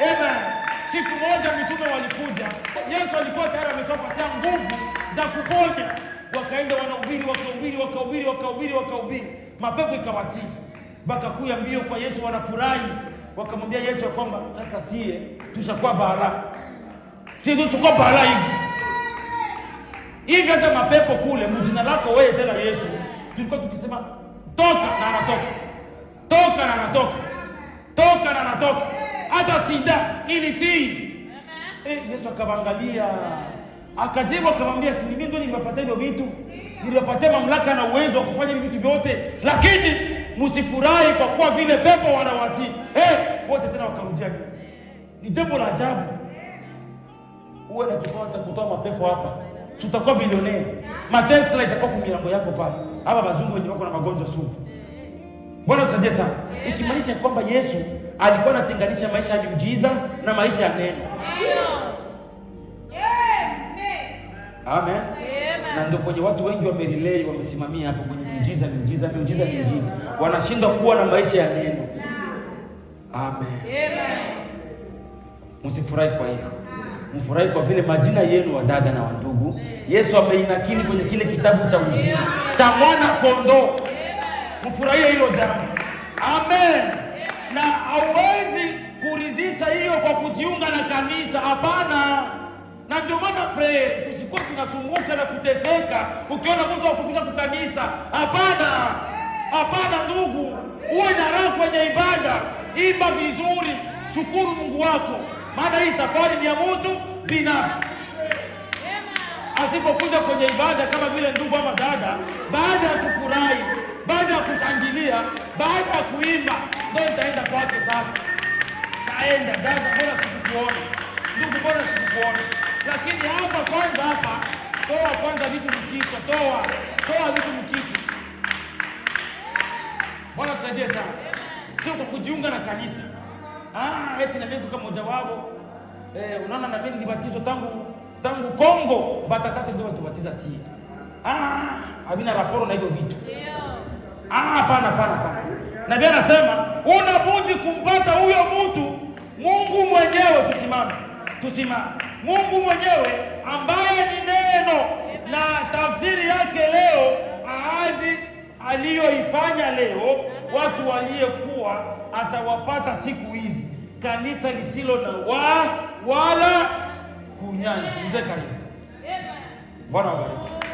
Amen. Siku moja mitume walikuja, Yesu alikuwa tayari amechopatia nguvu za kuponya, wakaenda wanahubiri, wakahubiri, wakahubiri, wakahubiri, wakahubiri, mapepo ikawatii, kuya mbio kwa Yesu, wanafurahi, wakamwambia Yesu ya kwamba sasa siye tushakuwa bahala, si tuchukua bahala hivi hivi, hata mapepo kule mjina lako wewe tena Yesu, tulikuwa tukisema toka na anatoka, toka na anatoka, toka na anatoka hata sida ilitii. Eh, Yesu akabangalia akajibu akamwambia, si mimi ndio niliwapatia hivyo vitu, niliwapatia mamlaka na uwezo wa kufanya hivi vitu vyote, lakini msifurahi kwa kuwa vile pepo wanawatii eh, wote. tena wakarudia. Ni jambo la ajabu. Uwe na kipawa cha kutoa mapepo hapa, tutakuwa bilionea. Matesla itakuwa kwa milango yako pale. Hapa wazungu wenye wako na magonjwa sugu. Bwana tusaidie sana, ikimaanisha kwamba Yesu alikuwa anatenganisha maisha ya miujiza na maisha ya neno. Amen. Na ndio kwenye watu wengi wamerelay, wamesimamia hapo kwenye miujiza, miujiza, miujiza, miujiza, wanashindwa kuwa na maisha ya neno. Amen. Msifurahi kwa hiyo, mfurahi kwa vile majina yenu wa dada na wa ndugu Yesu ameinakili kwenye kile kitabu cha uzima cha mwana kondoo. Mfurahie hilo jambo. Amen. kujiunga na kanisa. Hapana, na ndio maana frere, tusikuwa tunasumbuka na kuteseka ukiona mtu akufika kukanisa. Hapana, hapana ndugu, uwe na raha kwenye ibada, imba vizuri, shukuru Mungu wako, maana hii safari ni ya mtu binafsi. Asipokuja kwenye ibada kama vile ndugu ama dada, baada ya kufurahi, baada ya kushangilia, baada ya kuimba, ndio itaenda kwake sasa aenda dada, mbona sikukuona? Ndugu, mbona sikukuona? Lakini hapa kwanza, hapa toa kwanza vitu mkichwa, toa toa vitu mkichwa. Bwana tusaidie sana, sio kwa kujiunga na kanisa ah, eti na mimi kama mmoja wao eh, unaona na mimi nilibatizwa tangu tangu Kongo, batatatu ndio watubatiza si ah, havina raporo na hivyo vitu ndio ah, hapana hapana hapana. Nabii anasema una budi kumpata huyo mtu tusimame, tusimame. Mungu mwenyewe ambaye ni neno na tafsiri yake leo, ahadi aliyoifanya leo watu waliyekuwa atawapata siku hizi, kanisa lisilo na wa wala kunyanzi. Mzee, karibu. Bwana wabariki.